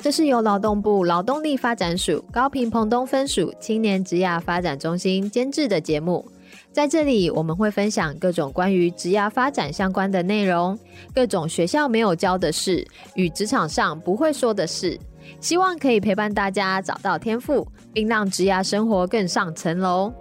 這是由勞動部勞動力發展署高屏澎東分署青年職涯發展中心監製的節目。在這裡，我們會分享各種關於職涯發展相關的內容，各種學校沒有教的事，與職場上不會說的事。希望可以陪伴大家找到天賦。並讓職涯生活更上層樓。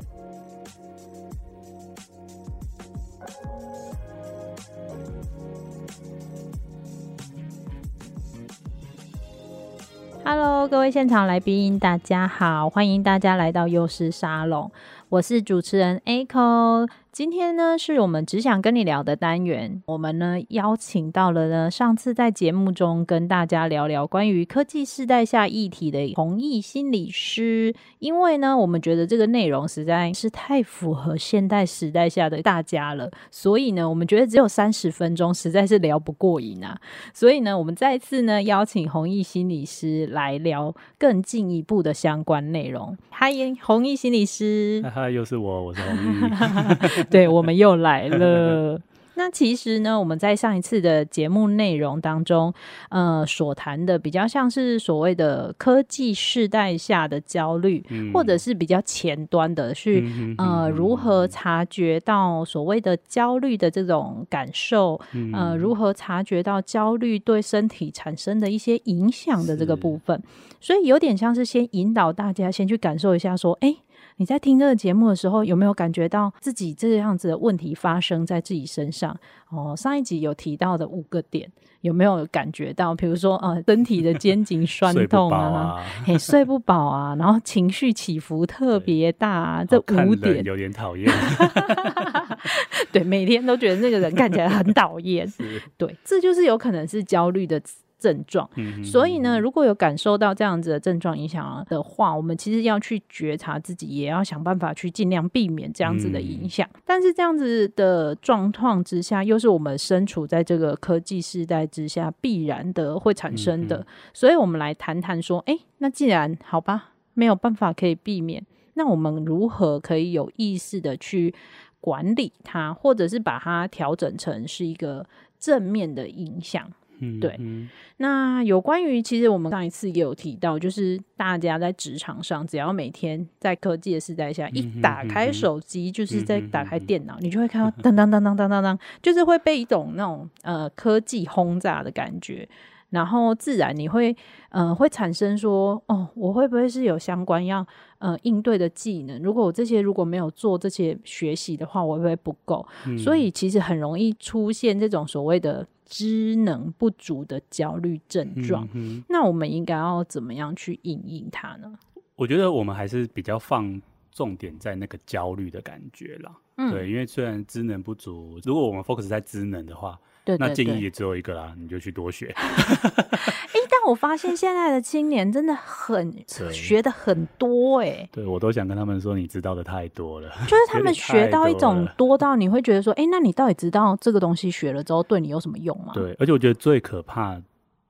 Hello，各位現場來賓，大家好，歡迎大家來到幼師沙龍，我是主持人 Echo。今天呢，是我們職想跟你聊的單元。我們呢邀請到了呢，上次在節目中跟大家聊聊關於科技世代下議題的弘毅心理師。因為呢，我們覺得這個內容實在是太符合現代時代下的大家了，所以呢，我們覺得只有三十分鐘實在是聊不過癮啊。所以呢，我們再次呢邀請弘毅心理師來聊更進一步的相關內容。歡迎弘毅心理師。嗨，又是我，我是弘 對，我們又來了。 那其實呢，我們在上一次的節目內容當中，呃，所談的比較像是所謂的科技世代下的焦慮、嗯，或者是比較前端的是，是、嗯嗯嗯、呃如何察覺到所謂的焦慮的這種感受、嗯，呃，如何察覺到焦慮對身體產生的一些影響的這個部分。所以有點像是先引導大家先去感受一下，說，哎。你在聽這個節目的時候，有沒有感覺到自己這樣子的問題發生在自己身上？哦，上一集有提到的五個點，有沒有感覺到？譬如說，呃，身體的肩頸酸痛啊， 睡不飽飽啊， 啊，然後情緒起伏特別大啊，這五點、哦、有點討厭。 對，每天都覺得那個人看起來很討厭。 對，這就是有可能是焦慮的症狀、嗯，所以呢，如果有感受到這樣子的症狀影響的話，我們其實要去覺察自己，也要想辦法去盡量避免這樣子的影響、嗯。但是這樣子的狀況之下，又是我們身處在這個科技世代之下必然的會產生的。嗯、所以，我們來談談說，哎、欸，那既然好吧，沒有辦法可以避免，那我們如何可以有意識的去管理它，或者是把它調整成是一個正面的影響？對，那有關於其實我們上一次也有提到，就是大家在職場上，只要每天在科技的時代下，一打開手機就是在打開電腦，你就會看到噔噔噔噔噔噔噔，就是會被一種那種呃科技轟炸的感覺，然後自然你會呃會產生說，哦，我會不會是有相關要呃應對的技能？如果我這些如果沒有做這些學習的話，我會不會不夠？嗯，所以其實很容易出現這種所謂的。知能不足的焦慮症狀、嗯，那我們應該要怎麼樣去因應它呢？我覺得我們還是比較放重點在那個焦慮的感覺啦、嗯。對，因為雖然知能不足，如果我們 focus 在知能的話。對對對，那建議也只有一個啦，你就去多學 欸。但我發現現在的青年真的很 學的很多、欸，哎，對，我都想跟他們說，你知道的太多了。就是他們學到一種多到你會覺得說、欸，那你到底知道這個東西學了之後對你有什麼用嗎？對，而且我覺得最可怕。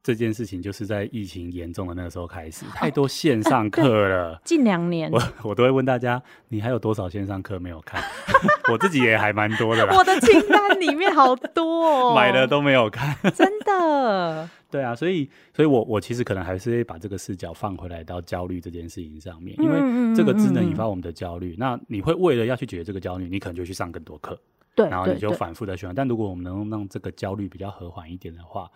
這件事情就是在疫情嚴重的那個時候開始，太多線上課了。哦、近兩年，我我都會問大家，你還有多少線上課沒有看？ 我自己也還蠻多的吧。 我的清單裡面好多、哦， 買的都沒有看。 真的？對啊，所以，所以我我其實可能還是會把這個視角放回來到焦慮這件事情上面，嗯嗯嗯，因為這個只能引發我們的焦慮嗯嗯。那你會為了要去解決這個焦慮，你可能就去上更多課，對，然後你就反覆的學對對對。但如果我們能讓這個焦慮比較和緩一點的話。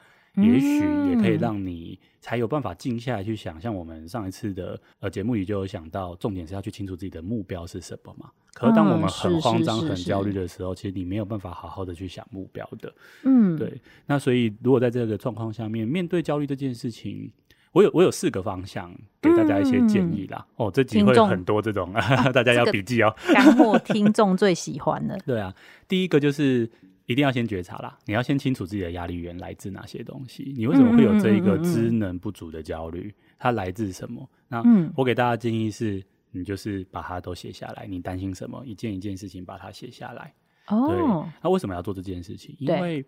也許也可以讓你才有辦法靜下來去想，像我們上一次的呃節目裡就有想到，重點是要去清楚自己的目標是什麼嘛。嗯、可當我們很慌張、嗯、很焦慮的時候，其實你沒有辦法好好的去想目標的。嗯，對。那所以如果在這個狀況下面，面對焦慮這件事情，我有我有四個方向給大家一些建議啦。嗯、哦，這集會很多這種， 啊、 大家要筆、這個、記哦。乾貨，聽眾最喜歡的。對啊，第一個就是。一定要先覺察啦！你要先清楚自己的壓力源來自哪些東西。你為什麼會有這一個知能不足的焦慮嗯嗯嗯嗯？它來自什麼？那、嗯、我給大家建議是，你就是把它都寫下來。你擔心什麼？一件一件事情把它寫下來。哦、對。那為什麼要做這件事情？因為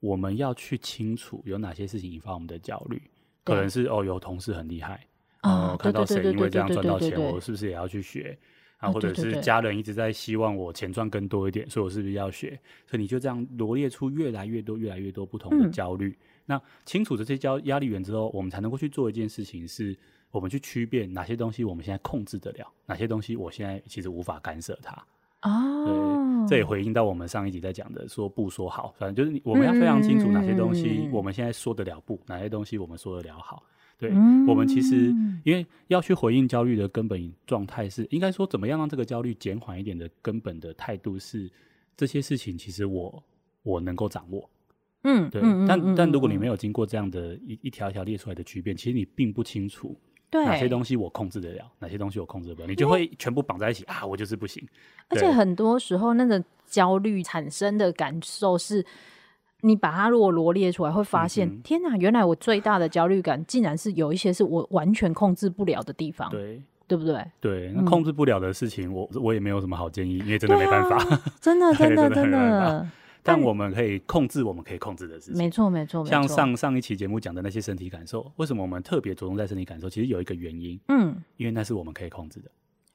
我們要去清楚有哪些事情引發我們的焦慮。可能是哦，有同事很厲害，哦，看到誰因為這樣賺到錢，對對對對對對對對我是不是也要去學？啊，或者是家人一直在希望我錢賺更多一點、啊對對對，所以我是不是要學？所以你就這樣羅列出越來越多、越來越多不同的焦慮、嗯。那清楚這些焦壓力源之後，我們才能夠去做一件事情，是我們去區辨哪些東西我們現在控制得了，哪些東西我現在其實無法干涉它。哦，這也回應到我們上一集在講的，說不說好，反正就是我們要非常清楚哪些東西我們現在說得了不，嗯、哪些東西我們說得了好。對、嗯，我們其實因為要去回應焦慮的根本狀態是，應該說怎麼樣讓這個焦慮減緩一點的根本的態度是，這些事情其實我我能夠掌握。嗯，對，嗯、但、嗯、但如果你沒有經過這樣的一一條一條列出來的局面，其實你並不清楚哪些東西我控制得了，哪些東西我控制不了，你就會全部綁在一起、嗯、啊，我就是不行。而且,而且很多時候，那個焦慮產生的感受是。你把它如果羅列出來，會發現嗯嗯，天哪，原來我最大的焦慮感，竟然是有一些是我完全控制不了的地方，對對不對？對，嗯、那控制不了的事情我，我我也沒有什麼好建議，因為真的沒辦法，啊、 真的真的真的，真的。但我們可以控制，我們可以控制的事情，沒錯沒錯，沒錯。像上上一期節目講的那些身體感受，為什麼我們特別着重在身體感受？其實有一個原因，嗯，因為那是我們可以控制的。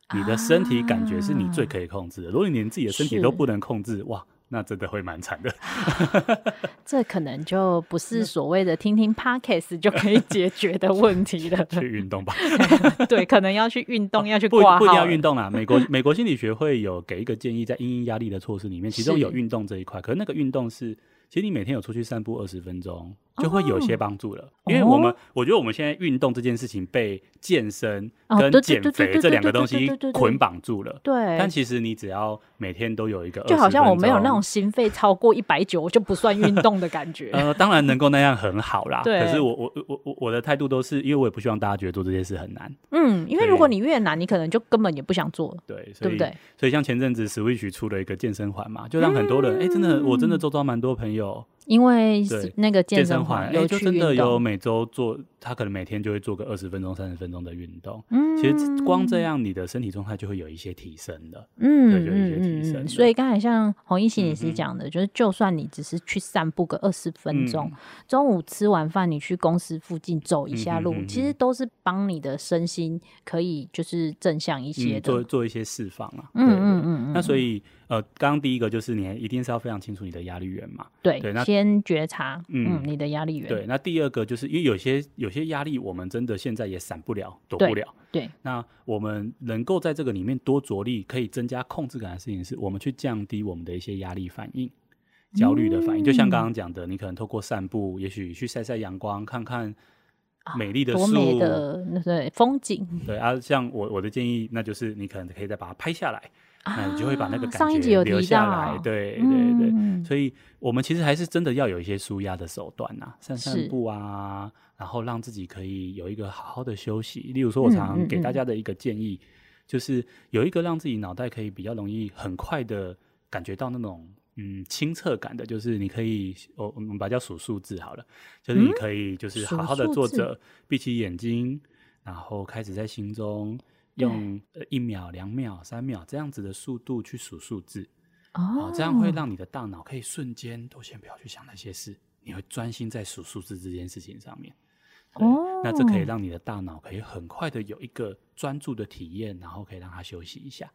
啊、你的身體感覺是你最可以控制的、啊。如果你連自己的身體都不能控制，哇。那真的會蠻慘的， 這可能就不是所謂的聽聽 podcast 就可以解決的問題了。 去運動吧 ， 對，可能要去運動，啊、要去掛，不不一定要運動啦 美國美國心理學會有給一個建議，在因應壓力的措施裡面，其中有運動這一塊。可是那個運動是，其實你每天有出去散步二十分鐘。就會有些幫助了，oh, 因為我們、oh. 我覺得我們現在運動這件事情被健身跟減肥這兩個東西捆綁住了、oh, 對對對對對。對，但其實你只要每天都有一個，就好像我沒有那種心肺超過一百九就不算運動的感覺。 呃，當然能夠那樣很好啦。對， 可是我我我我我的態度都是，因為我也不希望大家覺得做這件事很難。嗯、mm,，因為如果你越難，你可能就根本也不想做了。對，對不對？所以，所以像前陣子 Switch 出了一個健身環嘛，就讓很多人哎、mm.，真的，我真的周遭蠻多朋友。因為那個健身環，有、欸、就真的有每周做，他可能每天就會做個二十分鐘、三十分鐘的運動。嗯，其實光這樣，你的身體狀態就會有一些提升的。嗯，對，有一些提升。所以剛才像弘毅老師講的、嗯，就是就算你只是去散步個二十分鐘、嗯，中午吃完飯你去公司附近走一下路，嗯、其實都是幫你的身心可以就是正向一些的，嗯嗯、做做一些釋放啊。嗯對對對嗯嗯。那所以。呃，剛剛第一個就是你一定是要非常清楚你的壓力源嘛。對對，那，先覺察，嗯，你的壓力源。對，那第二個就是因為有些有些壓力，我們真的現在也閃不了，躲不了。對。對，那我們能夠在這個裡面多着力，可以增加控制感的事情，是我們去降低我們的一些壓力反應、嗯、焦慮的反應。就像剛剛講的，你可能透過散步，也許去曬曬陽光，看看美麗的樹、啊、多美的對風景。對啊，像我我的建議，那就是你可能可以再把它拍下來。那你就會把那個感覺留下來、啊、上一集有提到、對、嗯、對對、對，所以我們其實還是真的要有一些舒壓的手段吶、啊，散散步啊，然後讓自己可以有一個好好的休息。例如說，我常常給大家的一個建議嗯嗯嗯，就是有一個讓自己腦袋可以比較容易很快的感覺到那種嗯清澈感的，就是你可以，我我們把它叫數數字好了，就是你可以就是好好的坐着，嗯、閉起眼睛、嗯，然後開始在心中，用、呃、一秒、兩秒、三秒這樣子的速度去數數字，哦、oh. 啊，這樣會讓你的大腦可以瞬間都先不要去想那些事，你會專心在數數字這件事情上面。哦，oh. 那這可以讓你的大腦可以很快的有一個專注的體驗，然後可以讓它休息一下。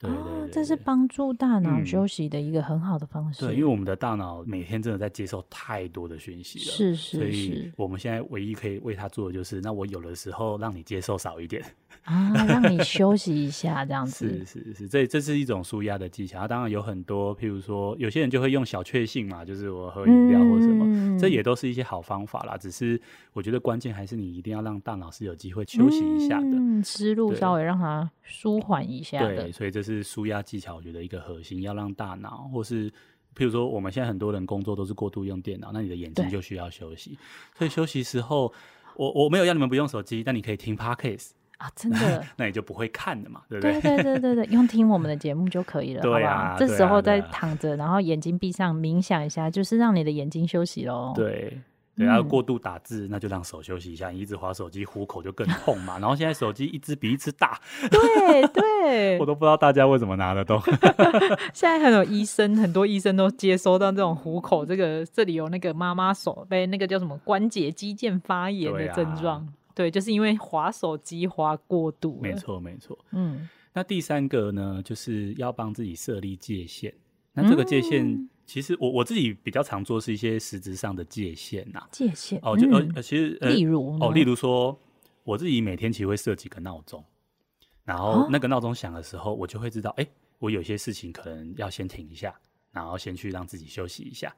對，對，對，對，對，oh, 這是幫助大腦休息的一個很好的方式。嗯、對，因為我們的大腦每天真的在接受太多的訊息了，是，是是，所以我們現在唯一可以為它做的就是，那我有的時候讓你接受少一點。啊，讓你休息一下，這樣子是是 是，這這是一種舒壓的技巧、啊。當然有很多，譬如說，有些人就會用小確幸嘛，就是我喝飲料或什麼、嗯，這也都是一些好方法啦。只是我覺得關鍵還是你一定要讓大腦是有機會休息一下的，思、嗯、路稍微讓它舒緩一下對。對，所以這是舒壓技巧，我覺得一個核心要讓大腦，或是譬如說我們現在很多人工作都是過度用電腦，那你的眼睛就需要休息。所以休息時候，我我沒有要你們不用手機，但你可以聽 Podcast。啊，真的？ 那你就不會看的嘛，對不對？對對對對對，用聽我們的節目就可以了， 對啊、好吧對、啊？這時候再躺着，啊啊、然後眼睛閉上，冥想一下，就是讓你的眼睛休息嘍。對，對、啊，然後過度打字，那就讓手休息一下，嗯、一直滑手機，虎口就更痛嘛。 然後現在手機一支比一支大，對對， 我都不知道大家為什麼拿得動。 現在很多醫生，很多醫生都接收到這種虎口這個這裡有那個媽媽手，被，那個叫什麼關節肌腱發炎的症狀。對，就是因為滑手機滑過度。沒錯，沒錯。嗯，那第三個呢，就是要幫自己設立界限。那這個界限，嗯、其實我我自己比較常做是一些實質上的界限吶、啊。界限哦，就呃、嗯，其實、呃、例如哦，例如說，我自己每天其實會設幾個鬧鐘，然後那個鬧鐘響的時候，啊、我就會知道，哎，我有些事情可能要先停一下，然後先去讓自己休息一下。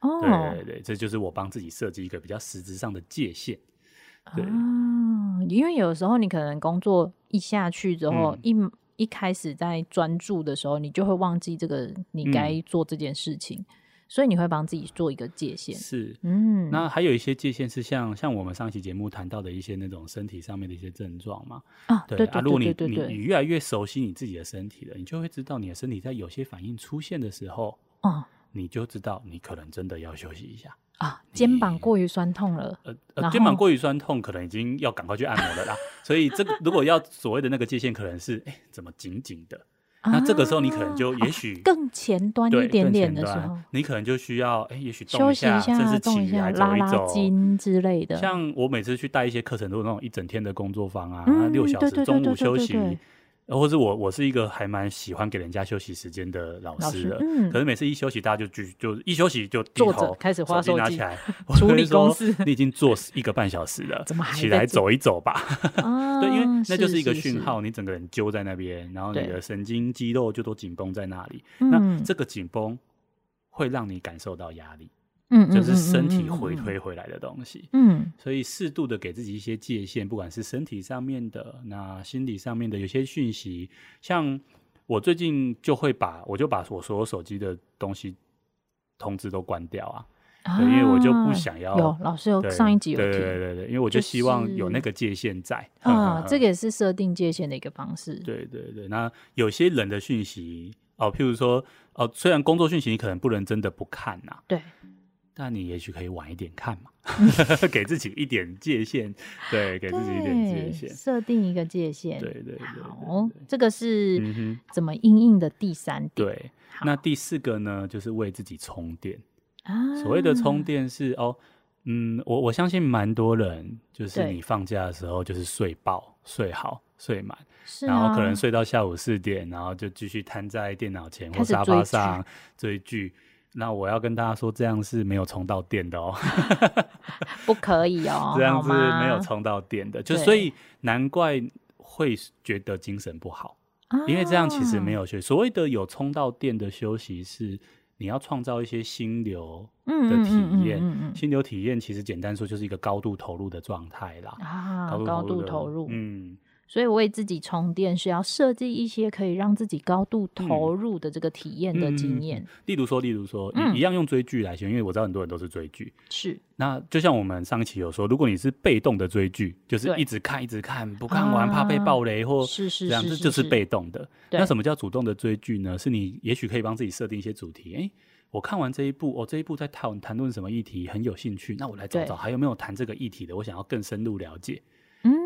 哦，對對對，對，這就是我幫自己設計一個比較實質上的界限。對啊，因為有時候你可能工作一下去之後，嗯、一一開始在專注的時候，你就會忘記這個你該做這件事情，嗯、所以你會幫自己做一個界限。是，嗯，那還有一些界限是像像我們上一期節目談到的一些那種身體上面的一些症狀嘛。啊，對，啊、對，對對。如果你你你越來越熟悉你自己的身體了，嗯，你就會知道你的身體在有些反應出現的時候，啊，你就知道你可能真的要休息一下。啊，肩膀過於酸痛了呃。呃，肩膀過於酸痛，可能已經要趕快去按摩了啦。 所以，這個如果要所謂的那個界線，可能是誒、欸、怎麼緊緊的、啊？那這個時候你可能就也許、啊、更前端一點點的時候，你可能就需要誒、欸，也許動,動一下，甚至起來拉一拉筋之類的。像我每次去帶一些課程，都是那種一整天的工作坊啊，六、嗯、小時，中午休息。對對對對對對對對然後是我，我我是一個還蠻喜歡給人家休息時間的老師的老師，嗯，可是每次一休息，大家就就，就一休息就低頭開始花手機拿起來，我跟你說，你已經坐一個半小時了，怎麼還起來走一走吧？啊、 對，因為那就是一個訊號是是是，你整個人揪在那邊，然後你的神經肌肉就都緊繃在那裡，嗯、那這個緊繃會讓你感受到壓力。嗯，嗯，嗯，嗯，嗯，就是身體回推回來的東西。嗯，嗯，嗯，嗯，所以適度的給自己一些界限，不管是身體上面的，那心理上面的，有些訊息，像我最近就會把，我就把我所有手機的東西通知都關掉啊，啊，對，因為我就不想要。有老師有上一集有，對對，對對對，因為我就希望有那個界限在，就是，呵呵呵啊。這個也是設定界限的一個方式。對對對，那有些人的訊息哦，呃，譬如說哦，呃，雖然工作訊息你可能不能真的不看吶，啊，對。那你也許可以晚一點看嘛， 給自己一點界限 對，對，給自己一點界限，設定一個界限，對對對，對對對，好，這個是怎麼因應的第三點。嗯、對，那第四個呢，就是為自己充電啊。所謂的充電是哦，嗯，我我相信蠻多人就是你放假的時候就是睡飽、睡好、睡滿，然後可能睡到下午四點，然後就繼續癱在電腦前或沙發上追劇。那我要跟大家說，這樣是沒有充到電的哦、喔， 不可以哦、喔， 這樣是沒有充到電的，就所以難怪會覺得精神不好，因為這樣其實沒有學、啊、所謂的有充到電的休息，是你要創造一些心流的體驗、嗯嗯嗯嗯嗯嗯，心流體驗其實簡單說就是一個高度投入的狀態啦，啊，高度投入，高度投入，嗯。所以為自己充電是要設計一些可以讓自己高度投入的這個體驗的經驗、嗯嗯。例如說，例如說，嗯、一樣用追劇來形容，因為我知道很多人都是追劇。是。那就像我們上一期有說，如果你是被動的追劇，就是一直看、一直看，不看完、啊、怕被爆雷或是是這樣，這就是被動的。那什麼叫主動的追劇呢？是你也許可以幫自己設定一些主題。哎、欸，我看完這一部，我、哦、這一部在談談論什麼議題，很有興趣。那我來找找還有沒有談這個議題的，我想要更深入了解。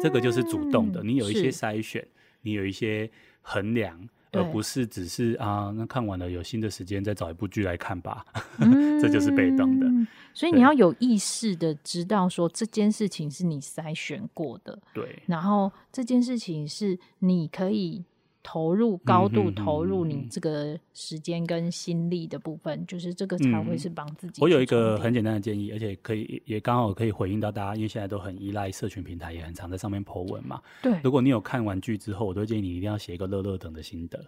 這個就是主動的，你有一些篩選，你有一些衡量，而不是只是啊、呃，那看完了有新的時間再找一部劇來看吧，嗯、 這就是被動的。所以你要有意識的知道說這件事情是你篩選過的，對，然後這件事情是你可以。投入高度投入你這個時間跟心力的部分，嗯，就是這個才會是幫自己。我有一個很簡單的建議，而且可以也剛好可以回應到大家，因為現在都很依賴社群平台，也很常在上面 Po 文嘛。對，如果你有看完劇之後，我都建議你一定要寫一個樂樂等的心得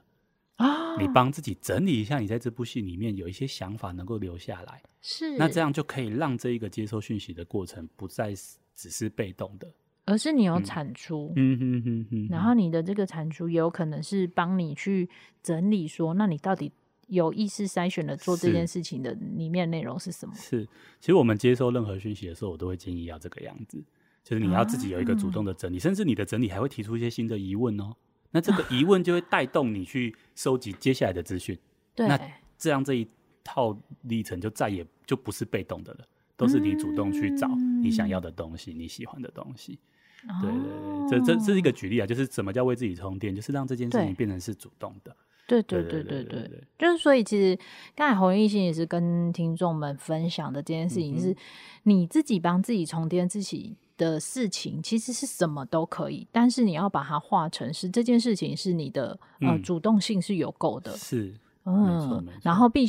啊，你幫自己整理一下，你在這部戲裡面有一些想法能夠留下來。是，那這樣就可以讓這一個接收訊息的過程不再只是被動的。而是你有產出，嗯，然後你的這個產出也有可能是幫你去整理說，說、嗯、那你到底有意識篩選的做這件事情的裡面內容是什麼？是，其實我們接受任何訊息的時候，我都會建議要這個樣子，就是你要自己有一個主動的整理，啊嗯、甚至你的整理還會提出一些新的疑問哦、喔。那這個疑問就會帶動你去收集接下來的資訊， 對，那這樣這一套歷程就再也就不是被動的了，都是你主動去找你想要的東西，嗯、你喜歡的東西。對對對，哦、這這這是一個舉例啊，就是什麼叫為自己充電，就是讓這件事情變成是主動的。對對對對對，對，對，對對對對，就是所以其實剛才弘毅也是跟聽眾們分享的這件事情是，是、嗯、你自己幫自己充電自己的事情，其實是什麼都可以，但是你要把它化成是這件事情是你的、嗯、呃主動性是有夠的，是嗯，然後並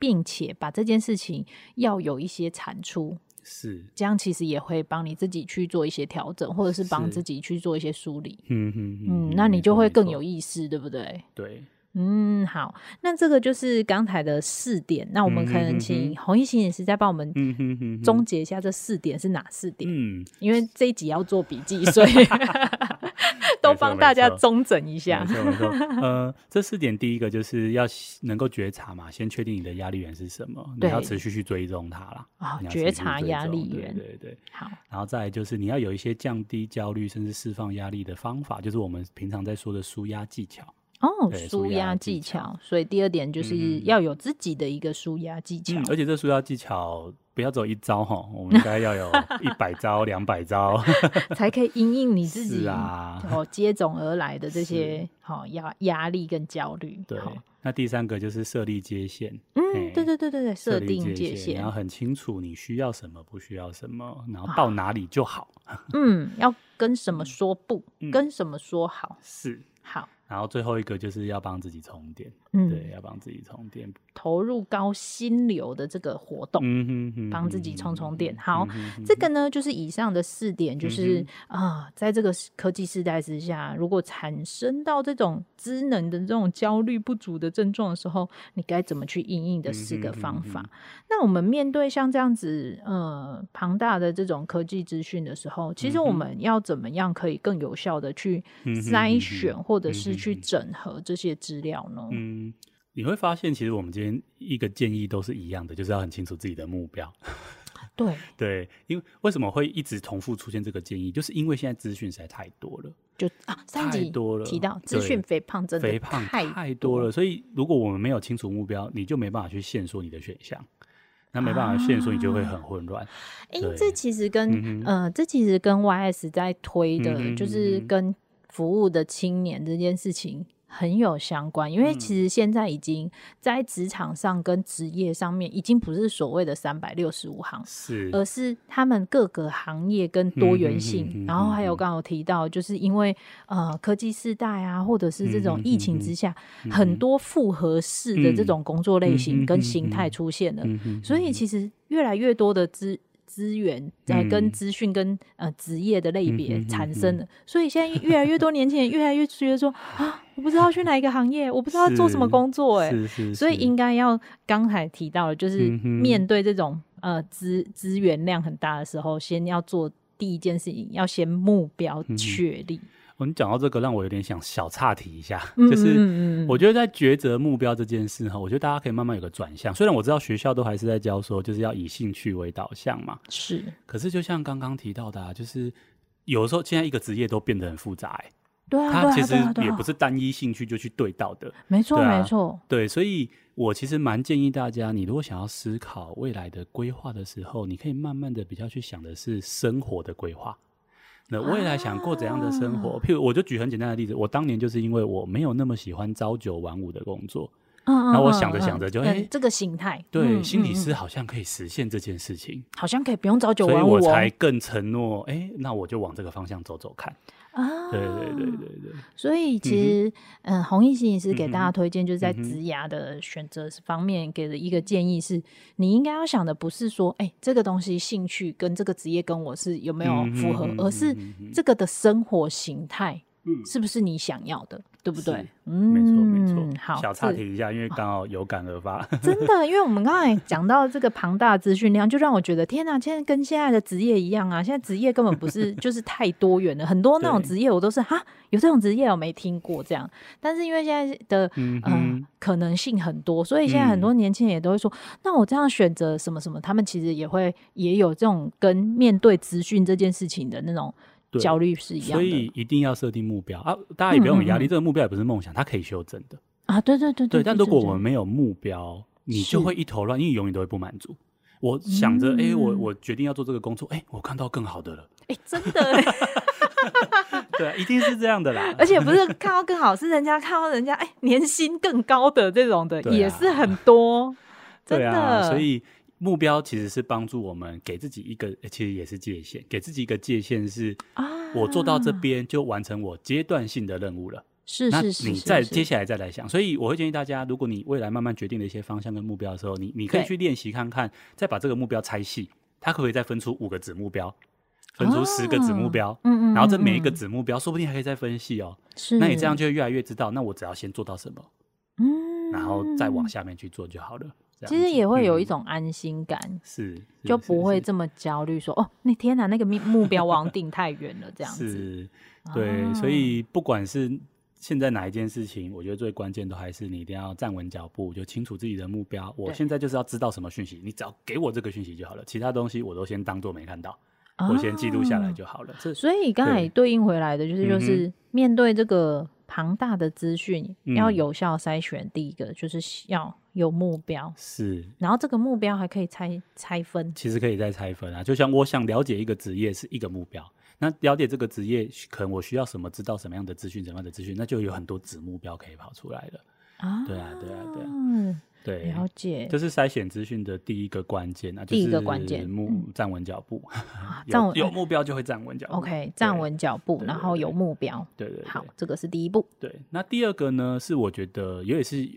並且把這件事情要有一些產出。是，這樣其實也會幫你自己去做一些調整，或者是幫自己去做一些梳理。嗯，嗯，嗯那你就會更有意思、嗯有意思，對不對？對。嗯，好，那這個就是剛才的四點。那我們可能請弘毅也是在幫我們總結一下這四點是哪四點？嗯哼哼哼，因為這一集要做筆記，所以。 都幫大家中整一下，沒錯 沒錯，沒錯。呃，這四點第一個就是要能夠覺察嘛， 先確定你的壓力源是什麼，對，你要持續去追蹤它啦。啊、哦，覺察壓力源，對，對對。好，然後再就是你要有一些降低焦慮甚至釋放壓力的方法，就是我們平常在說的舒壓技巧。哦，舒壓技，技巧。所以第二點就是要有自己的一個舒壓技巧、嗯嗯，而且這舒壓技巧。不要走一招哈， 我們應該要有一百招、兩 百招， 才可以因應你自己、啊哦、接踵而來的這些好壓壓力跟焦慮。對，那第三個就是設立界限。嗯，對對對對對，設定界,界限，然後很清楚你需要什麼，不需要什麼，然後到哪裡就好。啊、 嗯，要跟什麼說不，嗯、跟什麼說好是好。然後最後一個就是要幫自己充電，嗯，對，要幫自己充電，投入高心流的這個活動，嗯嗯，幫自己充充電。好，嗯、哼哼，這個呢就是以上的四點，就是啊、嗯呃，在這個科技世代之下，如果產生到這種知能的這種焦慮不足的症狀的時候，你該怎麼去應應的四個方法？嗯、哼哼哼，那我們面對像這樣子呃龐大的這種科技資訊的時候，其實我們要怎麼樣可以更有效的去篩選或者是、嗯？嗯哼哼嗯哼哼去整合這些資料呢？嗯，你會發現，其實我們今天一個建議都是一樣的，就是要很清楚自己的目標。 對對，因為為什麼會一直重複出現這個建議，就是因為現在資訊實在太多了。就啊，三集多了，提到資訊肥胖真的太多，肥胖太多了。所以如果我們沒有清楚目標，你就沒辦法去限縮你的選項，啊，那沒辦法限縮，你就會很混亂。哎、啊欸，這其實跟、嗯、呃，這其實跟 Y S 在推的，嗯哼嗯哼嗯哼就是跟。服務的青年這件事情很有相關，因為其實現在已經在職場上跟職業上面，已經不是所謂的三百六十五行，是而是他們各個行業跟多元性。嗯、哼哼哼然後還有剛剛提到，就是因為呃科技世代啊，或者是這種疫情之下，嗯、哼哼很多複合式的這種工作類型跟形態出現了、嗯哼哼，所以其實越來越多的資。資源，在、呃、跟資訊，跟、呃、職業的類別產生的、嗯，所以現在越來越多年輕人越來越覺得說 啊，我不知道去哪一個行業，我不知道要做什麼工作、欸，所以應該要剛才提到的就是面對這種、嗯、呃資，資源量很大的時候，先要做第一件事情，要先目標確立。嗯我們講到這個，讓我有點想小岔題一下嗯嗯嗯嗯，就是我覺得在抉擇目標這件事哈，我覺得大家可以慢慢有個轉向。雖然我知道學校都還是在教說，就是要以興趣為導向嘛，是。可是就像剛剛提到的、啊，就是有時候現在一個職業都變得很複雜、欸，對啊，它其實也不是單一興趣就去對到的，啊啊啊啊、到的沒錯、啊、沒錯，對。所以我其實蠻建議大家，你如果想要思考未來的規劃的時候，你可以慢慢的比較去想的是生活的規劃。那未來想過怎樣的生活？啊、譬如，我就舉很簡單的例子，我當年就是因為我沒有那麼喜歡朝九晚五的工作，嗯，嗯，嗯，嗯，那我想着想着就哎、欸嗯，這個心態，對，心理師好像可以實現這件事情嗯嗯嗯，好像可以不用朝九晚五，所以我才更承諾，哎、欸，那我就往這個方向走走看。啊，對對對對對，所以其實，嗯、呃，弘毅也是給大家推薦，嗯、就是在職涯的選擇方面，給的一個建議是、嗯，你應該要想的不是說，哎，這個東西興趣跟這個職業跟我是有沒有符合、嗯，而是這個的生活形態，嗯，是不是你想要的。嗯嗯對不對？嗯，沒錯沒錯。好，小插題一下，因為剛好有感而發、哦。真的，因為我們剛才講到這個龐大資訊量，就讓我覺得 天啊，現在跟現在的職業一樣啊，現在職業根本不是就是太多元了， 很多那種職業我都是哈，有這種職業我沒聽過這樣。但是因為現在的嗯、呃、可能性很多，所以現在很多年輕人也都會說、嗯，那我這樣選擇什麼什麼，他們其實也會也有這種跟面對資訊這件事情的那種。焦慮是一樣，所以一定要設定目標啊！大家也不要有壓力，嗯嗯，這個目標也不是夢想，它可以修正的，嗯嗯啊！對對對對，對。但如果我們沒有目標，對對對對，你就會一頭亂，因為你永遠都會不滿足。我想着，哎、嗯欸，我我決定要做這個工作，哎、欸，我看到更好的了，哎、欸，真的、欸， 對、啊，一定是這樣的啦。而且不是看到更好，是人家看到人家，哎、欸，年薪更高的這種的、啊、也是很多，真的，啊、所以。目標其實是幫助我們給自己一個、欸，其實也是界限，給自己一個界限是，啊、我做到這邊就完成我階段性的任務了。是是，是，是那你再是是是是接下來再來想，所以我會建議大家，如果你未來慢慢決定了一些方向跟目標的時候，你你可以去練習看看，再把這個目標拆細，它可不可以再分出五個子目標，分出十個子目標，哦、嗯嗯，嗯，然後這每一個子目標，說不定還可以再分析哦、喔。是，那你這樣就會越來越知道，那我只要先做到什麼，嗯，然後再往下面去做就好了。其實也會有一種安心感，嗯、是，是就不會這麼焦慮，說哦，那天啊，那個目目標往頂太遠了， 這樣子。對、啊，所以不管是現在哪一件事情，我覺得最關鍵都還是你一定要站穩腳步，就清楚自己的目標。我現在就是要知道什麼訊息，你只要給我這個訊息就好了，其他東西我都先當作沒看到，啊、我先記錄下來就好了。所以剛才對應回來的就是，嗯、就是面對這個龐大的資訊、嗯，要有效篩選，第一個就是要。有目標是，然後這個目標還可以拆拆分，其實可以再拆分啊。就像我想了解一個職業是一個目標，那了解這個職業，可能我需要什麼，知道什麼樣的資訊，什麼樣的資訊，那就有很多子目標可以跑出來了啊，對啊。對啊，對啊，對，對，了解，這、就是篩選資訊的第一個關鍵，那就是第一個關鍵，站穩腳步，站 有、嗯、有目標就會站穩腳步、啊穩。OK，站穩腳步對對對，然後有目標，對對，對對，好，這個是第一步。對，那第二個呢，是我覺得也，也是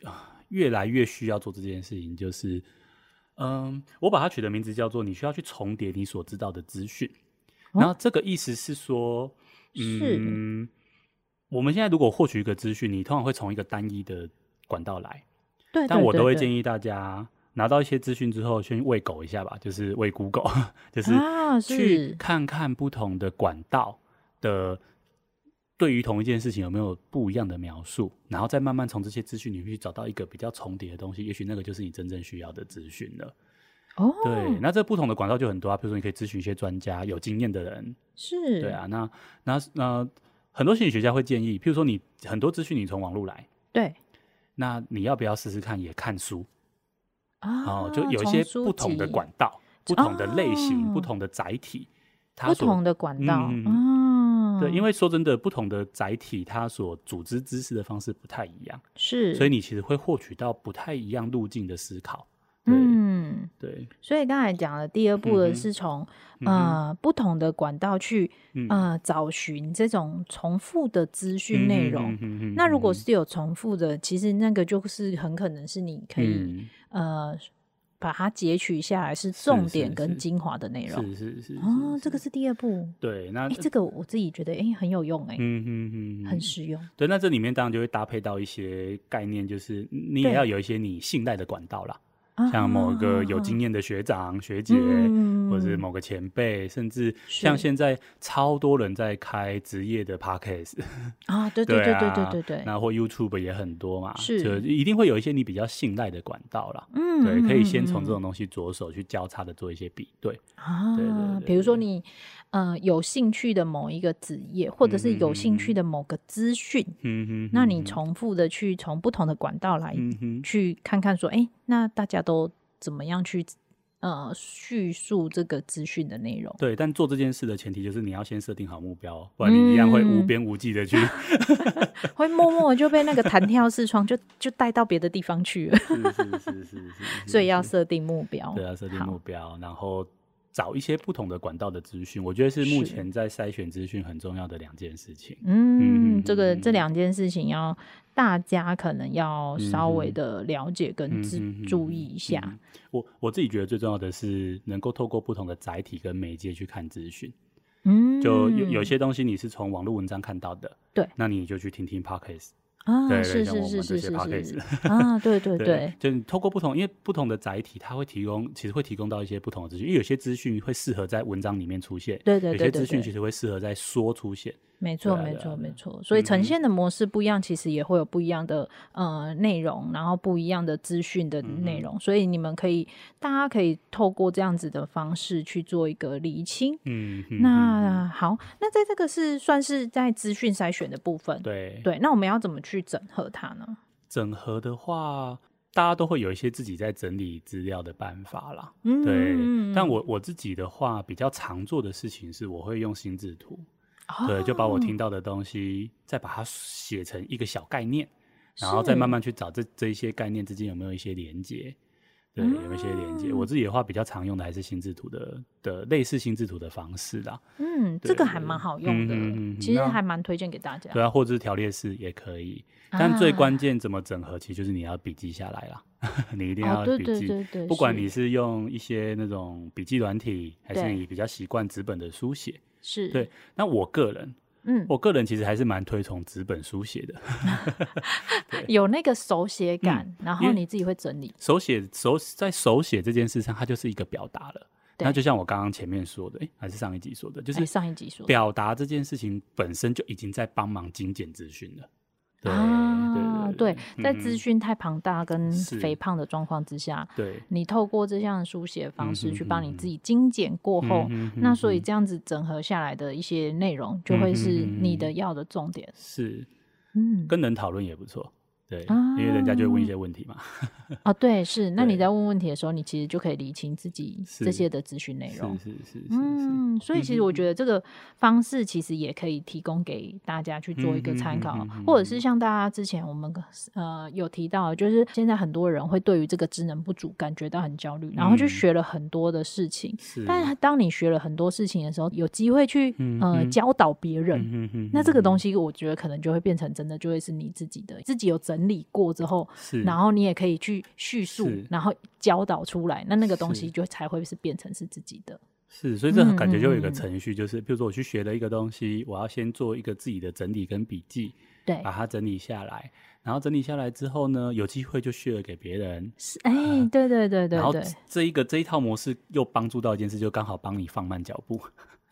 越來越需要做這件事情，就是，嗯，我把它取的名字叫做“你需要去重疊你所知道的資訊、哦”，然後這個意思是說是，嗯，我們現在如果獲取一個資訊，你通常會從一個單一的管道來，對，對，對，對，但我都會建議大家拿到一些資訊之後，先餵狗一下吧，就是餵 Google， 就是去看看不同的管道的。對於同一件事情有沒有不一樣的描述，然後再慢慢從這些資訊裡面去找到一個比較重疊的東西，也許那個就是你真正需要的資訊了。哦，對，那這不同的管道就很多啊，比如說你可以諮詢一些專家、有經驗的人，是，對啊，那那那,那很多心理學家會建議，比如說你很多資訊你從網路來，對，那你要不要試試看也看書啊？哦、啊，就有一些不同的管道、不同的類型、啊、不同的載體它，不同的管道，嗯啊對，因為說真的，不同的載體它所組織知識的方式不太一樣，是，所以你其實會獲取到不太一樣路徑的思考。嗯，對。所以剛才講的第二步的是從、嗯呃、不同的管道去啊、嗯呃、找尋這種重複的資訊內容、嗯哼。那如果是有重複的、嗯，其實那個就是很可能是你可以、嗯、呃。把它截取下來是重點跟精華的內容，是是是,哦、是,是是是。哦，這個是第二步。對，那、欸、這個我自己覺得、欸、很有用、欸、嗯嗯嗯，很實用。對，那這裡面當然就會搭配到一些概念，就是你也要有一些你信賴的管道啦。像某個有經驗的學長、啊、學姐、啊嗯，或者是某個前輩、嗯，甚至像現在超多人在開職業的 Podcast 啊，對對對對對對，對，對那或 YouTube 也很多嘛，是，就一定會有一些你比較信賴的管道了，嗯，對，可以先從這種東西着手去交叉的做一些比對、嗯、對啊，對，對，對，對，對，比如說你。嗯、呃，有興趣的某一個職業，或者是有興趣的某個資訊，嗯哼、嗯嗯嗯，那你重複的去從不同的管道來、嗯嗯嗯、去看看，說，哎，那大家都怎麼樣去呃敘述這個資訊的內容？對，但做這件事的前提就是你要先設定好目標，不然你一樣會無邊無際的去，嗯、 會默默就被那個彈跳視窗就就帶到別的地方去了， 是是是是，是，是，所以要設定目標，對，要設定目標，然後。找一些不同的管道的資訊，我覺得是目前在篩選資訊很重要的兩件事情嗯。嗯，這個、嗯、這兩件事情要、嗯、大家可能要稍微的了解跟注、嗯、注意一下。嗯、我我自己覺得最重要的是能夠透過不同的載體跟媒介去看資訊。嗯，就有有些東西你是從網絡文章看到的，對，那你就去聽聽 Podcast .啊對對，是是是是是，Podcast，是是是是，啊，對對對， 對就你透過不同，因為不同的載體，它會提供，其實會提供到一些不同的資訊，因為有些資訊會適合在文章裡面出現，對對對，對，對，有些資訊其實會適合在說出現。對對對對對。沒錯、啊，沒錯，啊、沒錯、啊。所以呈現的模式不一樣，嗯、其實也會有不一樣的呃內容，然後不一樣的資訊的內容、嗯。所以你們可以，大家可以透過這樣子的方式去做一個釐清。嗯哼哼，那好，那在這個是算是在資訊篩選的部分。對，對。那我們要怎麼去整合它呢？整合的話，大家都會有一些自己在整理資料的辦法啦。嗯哼哼，對。但我我自己的話，比較常做的事情是，我會用心智圖。哦、對，就把我聽到的東西，再把它寫成一個小概念，然後再慢慢去找這這一些概念之間有沒有一些連接，對、嗯，有一些連接。我自己的話，比較常用的還是心智圖的的類似心智圖的方式啦。嗯，這個還蠻好用的，嗯嗯嗯嗯，其實還蠻推薦給大家。對啊，或者是條列式也可以，啊、但最關鍵怎麼整合，其實就是你要筆記下來啦，啊、 你一定要筆記、哦對對對對對對。不管你是用一些那種筆記軟體，還是你比較習慣紙本的書寫。是對，那我個人，嗯，我個人其實還是蠻推崇紙本書寫的， 對 有那個手寫感，嗯，然後你自己會整理。手寫手在手寫這件事上，它就是一個表達了。那就像我剛剛前面說的，欸，還是上一集說的，就是上一集說，表達這件事情本身就已經在幫忙精簡資訊了。欸啊對對對，嗯嗯，對，在資訊太龐大跟肥胖的狀況之下，對，你透過這項的書寫的方式去幫你自己精簡過後，嗯嗯嗯嗯，那所以這樣子整合下來的一些內容，就會是你的要的重點。是，嗯，跟人討論也不錯。對，因為人家就會問一些問題嘛。啊， 啊，對，是。那你在問問題的時候，你其實就可以理清自己這些的資訊內容。是是是，是，嗯，是，是，是，是嗯，所以其實我覺得這個方式其實也可以提供給大家去做一個參考，嗯嗯嗯嗯、或者是像大家之前我們呃有提到的，就是現在很多人會對於這個知能不足感覺到很焦慮，嗯、然後就學了很多的事情。是，但是當你學了很多事情的時候，有機會去呃、嗯嗯、教導別人、嗯嗯嗯嗯嗯，那這個東西我覺得可能就會變成真的就會是你自己的，自己有整。整理過之後，是，然後你也可以去敘述，然後教導出來，那那個東西就才會是變成是自己的。是，所以這很感覺就有一個程序，嗯、就是比如說我去學了一個東西，嗯，我要先做一個自己的整理跟筆記，對，把它整理下來，然後整理下來之後呢，有機會就 share 給別人。是，哎，欸呃，對對對對對。然後這一個這一套模式又幫助到一件事，就剛好幫你放慢腳步，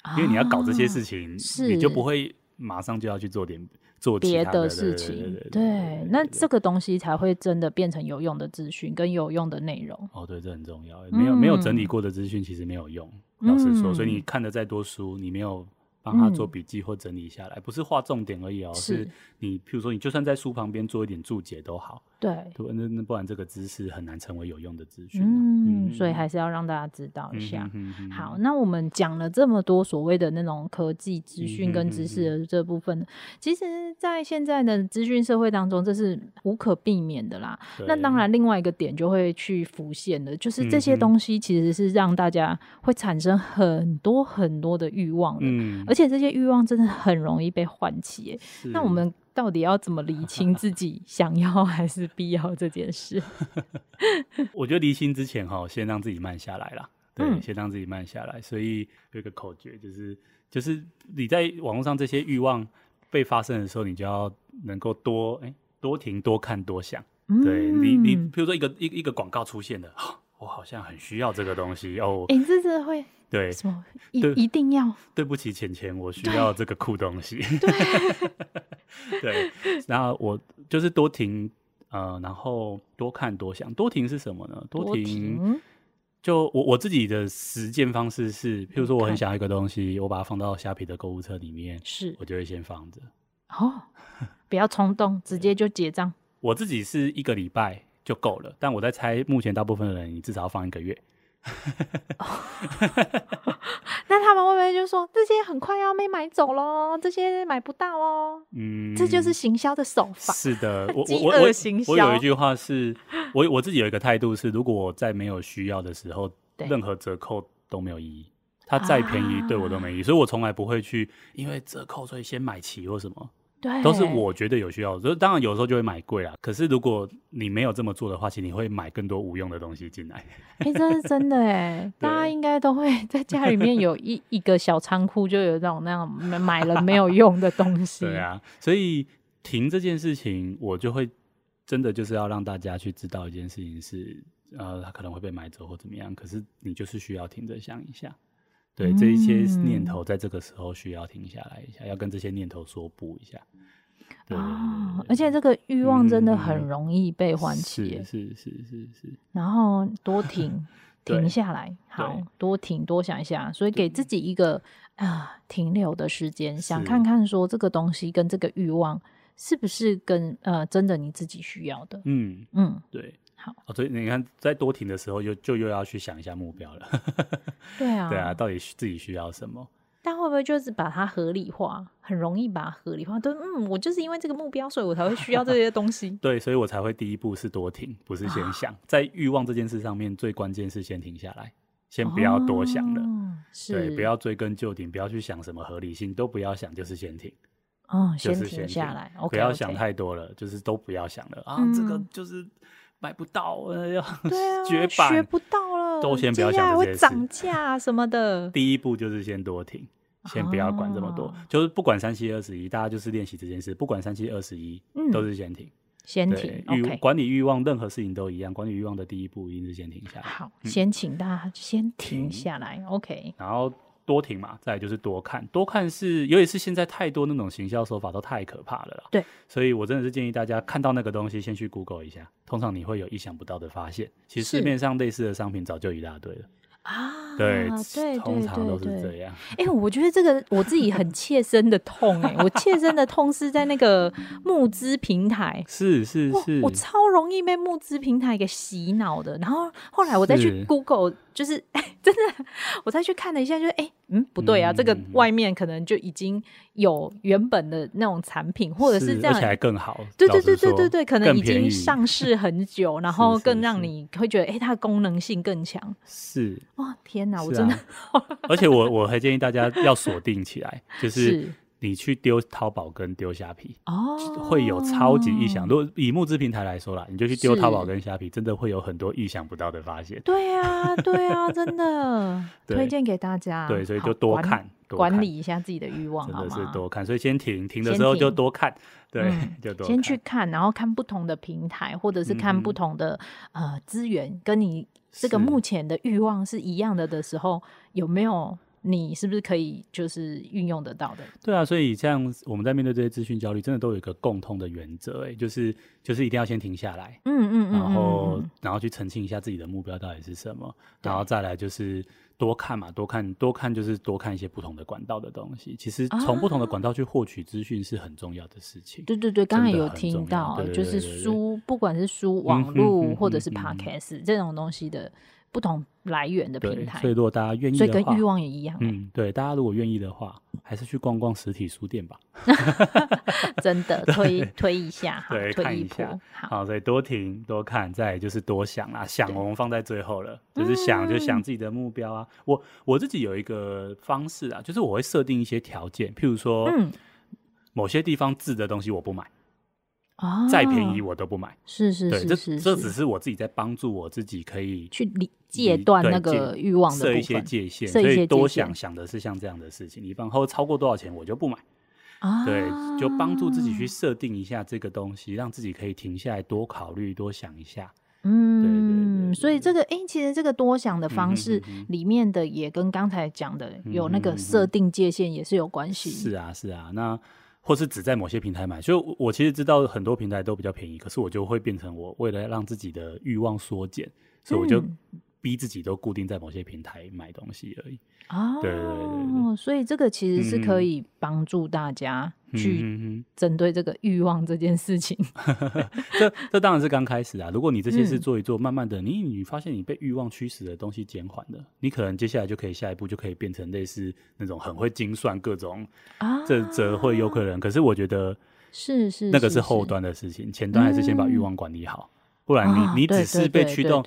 因為你要搞這些事情，是，啊，你就不會馬上就要去做點。做別的，的事情，對，那這個東西才會真的變成有用的資訊跟有用的內容。哦，對，這很重要。沒有沒有整理過的資訊其實沒有用，老、嗯、實說。所以你看得再多書，你沒有幫他做筆記或整理下來，嗯、不是畫重點而已哦、喔，是你，譬如說你就算在書旁邊做一點注解都好。對，那那不然這個知識很難成為有用的資訊、啊。嗯，所以還是要讓大家知道一下。嗯、哼哼。好，那我們講了這麼多所謂的那種科技資訊跟知識的這部分，嗯、哼哼。其實，在現在的資訊社會當中，這是無可避免的啦。那當然，另外一個點就會去浮現的，就是這些東西其實是讓大家會產生很多很多的欲望的、嗯。而且這些欲望真的很容易被喚起、欸。那我們。到底要怎麼釐清自己想要還是必要這件事？ 我覺得釐清之前哈、哦，先讓自己慢下來了，對、嗯，先讓自己慢下來。所以有一個口訣，就是就是你在網絡上這些欲望被發生的時候，你就要能夠多哎、欸、多停多看多想。對你你、嗯、比如說一個一一個廣告出現的。我好像很需要這個東西哦！影、欸、子這會對什麼對？一定要。對不起，錢錢，我需要這個酷東西。對 對，然後我就是多停、呃，然後多看、多想。多停是什麼呢？多停，就我我自己的實踐方式是，譬如說我很想要一個東西，我把它放到蝦皮的購物車裡面，是我就會先放着。哦，不要衝動， 直接就結賬。我自己是一個禮拜。就夠了，但我在猜，目前大部分的人，你至少要放一個月。 那他們會不會就說，這些很快要被買走嘍？這些買不到哦。嗯，這就是行銷的手法。是的，我 我我我有一句話是，我我自己有一個態度是，如果我在沒有需要的時候， 任何折扣都沒有意義。它再便宜對我都沒意義。啊，所以我從來不會去因為折扣所以先買齊或什麼。對，都是我覺得有需要，所以當然有時候就會買貴啊。可是如果你沒有這麼做的話，其實你會買更多無用的東西進來。哎、欸，這是真的哎、欸， 大家應該都會在家裡面有一 一個小倉庫，就有這種那樣買了沒有用的東西。 對啊，所以停這件事情，我就會真的就是要讓大家去知道一件事情是，呃，他可能會被買走或怎麼樣。可是你就是需要停着想一下。對，這一些念頭在這個時候需要停下來一下，嗯、要跟這些念頭說不一下。對，對，對，對，而且這個慾望真的很容易被喚起嗯嗯，是是是是是。然後多停， 停下來，好多停多想一下，所以給自己一個啊、呃、停留的時間，想看看說這個東西跟這個慾望是不是跟是呃真的你自己需要的。嗯嗯，對。好、哦，所以你看，在多停的時候，又就又要去想一下目標了。對啊，對啊，到底自己需要什麼？但會不會就是把它合理化？很容易把它合理化，對，嗯，我就是因為這個目標，所以我才會需要這些東西。 對，所以我才會第一步是多停，不是先想。啊、在欲望這件事上面，最關鍵是先停下來，先不要多想了。是、哦，對是，不要追根究底，不要去想什麼合理性，都不要想，就是先停。哦，就是、先停下來、就是 okay, okay，不要想太多了，就是都不要想了、嗯、啊，這個就是。買不到，哎、呀對啊，絕版學不到了。都先不要想接下來會漲價、啊、什麼的。第一步就是先多停，先不要管這麼多，啊、就是不管三七二十一，大家就是練習這件事。不管三七二十一，都是先停，嗯、先停。欲、OK、管理欲望，任何事情都一樣，管理欲望的第一步一定是先停下來。好，嗯、先請大家先停下來停，OK。然後。多停嘛，再來就是多看，多看是，尤其是現在太多那種行銷手法都太可怕了啦。對，所以我真的是建議大家看到那個東西，先去 Google 一下，通常你會有意想不到的發現。其實市面上類似的商品早就一大堆了。啊對，對對對對對，通常都是這樣。哎、欸，我覺得這個我自己很切身的痛哎、欸， 我切身的痛是在那個募資平台， 是是是哇，我超容易被募資平台給洗腦的。然後後來我再去 Google，是就是哎、欸，真的，我再去看了一下就，就、欸、哎，嗯，不對啊、嗯，這個外面可能就已經有原本的那種產品，或者是這樣，而且還更好。對對對對對對，對，可能已經上市很久，然後更讓你會覺得哎、欸，它的功能性更強，是。哇天哪，我真的、啊！ 而且我我還建議大家要鎖定起來， 就是你去丟淘寶跟丟蝦皮哦，會有超級意想。哦、如果以募資平台來說啦，你就去丟淘寶跟蝦皮，真的會有很多意想不到的發現。對啊，對啊，真的。 推薦給大家。對，所以就多看。管理一下自己的慾望，好嗎？好？真的是多看，所以先停，停的時候就多看，對，嗯、就多看，先去看，然後看不同的平台，或者是看不同的、嗯、呃資源，跟你這個目前的慾望是一樣的的時候，有沒有？你是不是可以就是運用得到的？對啊，所以這樣我們在面對這些資訊焦慮，真的都有一個共通的原則，誒，就是就是一定要先停下來，嗯嗯，然後、嗯、然後去澄清一下自己的目標到底是什麼，然後再來就是多看嘛，多看多看就是多看一些不同的管道的東西。其實從不同的管道去獲取資訊是很重要的事情。啊、對對對，剛才有聽到，對對對對對，就是書，不管是書、網 路或者是 Podcast 這種東西的。不同來源的平台，所以如果大家願意的話，所以跟欲望也一樣、欸，嗯，對，大家如果願意的話，還是去逛逛實體書店吧， 真的推對，推一下哈，看一下好，所以多停多看，再就是多想啊，想我們放在最後了，就是想、嗯、就想自己的目標啊，我我自己有一個方式啊，就是我會設定一些條件，譬如說，嗯，某些地方製的東西我不買啊、哦，再便宜我都不買，是是，是，是，是，這這只是我自己在幫助我自己可以去理。戒斷那個慾望的部分，設一些界限，設一些多想想的是像這樣的事情，你往後超過多少錢我就不買，啊，對，就幫助自己去設定一下這個東西，讓自己可以停下來多考慮多想一下，嗯，對對對,對、對、對，所以這個哎、欸，其實這個多想的方式嗯哼嗯哼裡面的也跟剛才講的有那個設定界限也是有關係、嗯嗯，是啊是啊，那或是只在某些平台買，所以我其實知道很多平台都比較便宜，可是我就會變成我為了讓自己的慾望縮減，所以我就、嗯。逼自己都固定在某些平台買東西而已啊！Oh, 對，對，對對對，所以這個其實是可以幫助大家、嗯、去針對這個慾望這件事情。 這這當然是剛開始啊！如果你這些事做一做，嗯、慢慢的你，你你發現你被慾望驅使的東西減緩了，你可能接下來就可以下一步就可以變成類似那種很會精算各種啊，這這會有可能。可是我覺得是是，是，那個是後端的事情，是是是前端還是先把慾望管理好。嗯不然你、哦、你只是被驅動，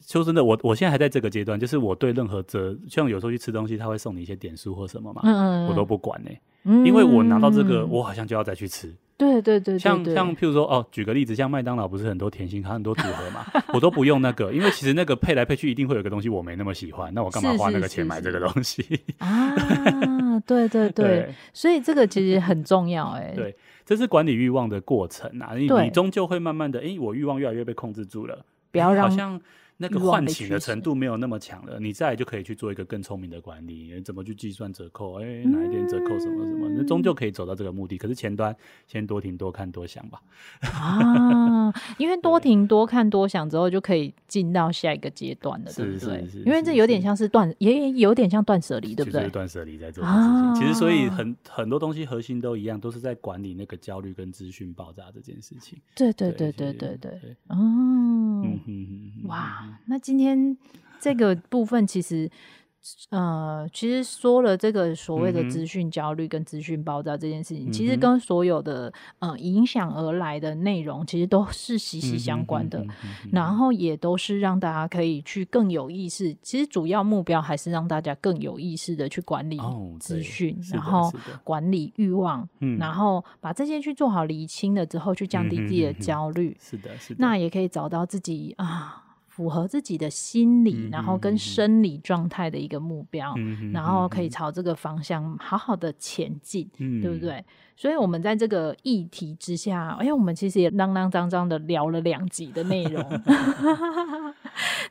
說真的，就是、我我現在還在這個階段，就是我對任何這像有時候去吃東西，他會送你一些點數或什麼嘛，嗯、我都不管呢、欸嗯。因為我拿到這個，我好像就要再去吃。嗯、對，對，對對對，像像譬如說哦，舉個例子，像麥當勞不是很多甜心，它很多組合嘛， 我都不用那個，因為其實那個配來配去，一定會有個東西我沒那麼喜歡， 那我幹嘛花那個錢買這個東西是是是是啊？ 對對對， 對，所以這個其實很重要哎、欸。對，這是管理慾望的過程啊，你終究會慢慢的，哎、欸，我慾望越來越被控制住了，不要讓。那個喚醒的程度沒有那麼強了，wow, 你再就可以去做一個更聰明的管理，欸、怎麼去計算折扣？哎、欸，哪一點折扣？什麼什麼？嗯、那終究可以走到這個目的。可是前端先多停、多看、多想吧。啊， 因為多停、多看、多想之後，就可以進到下一個階段了，對不對是不？因為這有點像是斷，也有點像斷舍離，對不對？斷舍離在做的事情。啊、其實，所以很很多東西核心都一樣，都是在管理那個焦慮跟資訊爆炸這件事情。對對對對對對。對對對對哦、嗯哼哼哼哼。哇。那今天這個部分，其實，呃，其實說了這個所謂的資訊焦慮跟資訊爆炸這件事情，嗯、其實跟所有的嗯、呃，影響而來的內容，其實都是息息相關的、嗯嗯嗯。然後也都是讓大家可以去更有意識。其實主要目標還是讓大家更有意識的去管理資訊，哦、然後管理欲望，然後把這些去做好理清了之後，去降低自己的焦慮、嗯。是的，是的。那也可以找到自己啊。呃符合自己的心理、嗯哼哼，然後跟生理狀態的一個目標、嗯哼哼，然後可以朝這個方向好好的前進，嗯哼哼，對不對？所以，我們在這個議題之下，哎、欸，我們其實也浪浪張張的聊了兩集的內容，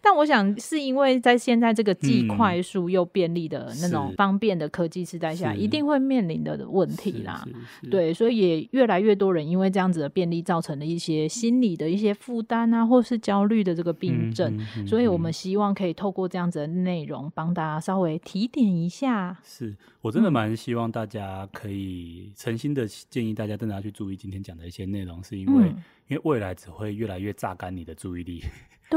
但我想是因為在現在這個既快速又便利的那種方便的科技世代下，一定會面臨的問題啦、嗯。對，所以也越來越多人因為這樣子的便利造成了一些心理的一些負擔啊，或是焦慮的這個病症、嗯嗯嗯。所以我們希望可以透過這樣子的內容，幫大家稍微提點一下。是我真的蠻希望大家可以誠心。真的建議，大家真的要去注意今天講的一些內容，是因為、嗯，因為未來只會越來越榨乾你的注意力。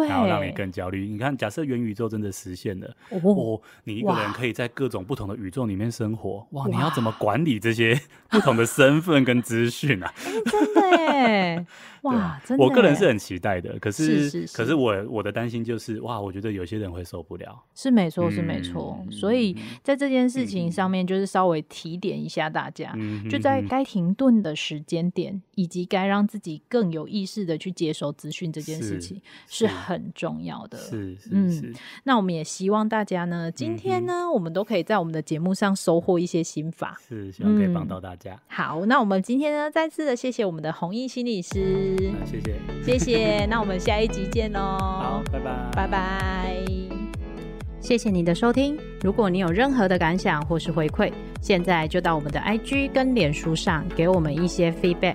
然後讓你更焦慮。你看，假設元宇宙真的實現了哦，哦，你一個人可以在各種不同的宇宙裡面生活，哇，哇，你要怎麼管理這些不同的身份跟資訊呢？啊 嗯？真的哎， 哇真的耶，我個人是很期待的。可是，是是是，可是我我的擔心就是，哇，我覺得有些人會受不了。是沒錯，嗯、是沒錯，嗯。所以在這件事情上面，就是稍微提點一下大家，嗯、就在該停頓的時間點，嗯、以及該讓自己更有意識的去接收資訊這件事情是，是。是很重要的，是，嗯，是嗯。那我們也希望大家呢，今天呢，嗯、我們都可以在我們的節目上收穫一些心法，是，希望可以幫到大家、嗯。好，那我們今天呢，再次的謝謝我們的弘毅心理師、嗯好，謝謝，謝謝。 那我們下一集見囉。好，拜拜，拜拜。謝謝你的收聽。如果你有任何的感想或是回饋，現在就到我們的 IG 跟臉書上給我們一些 feedback。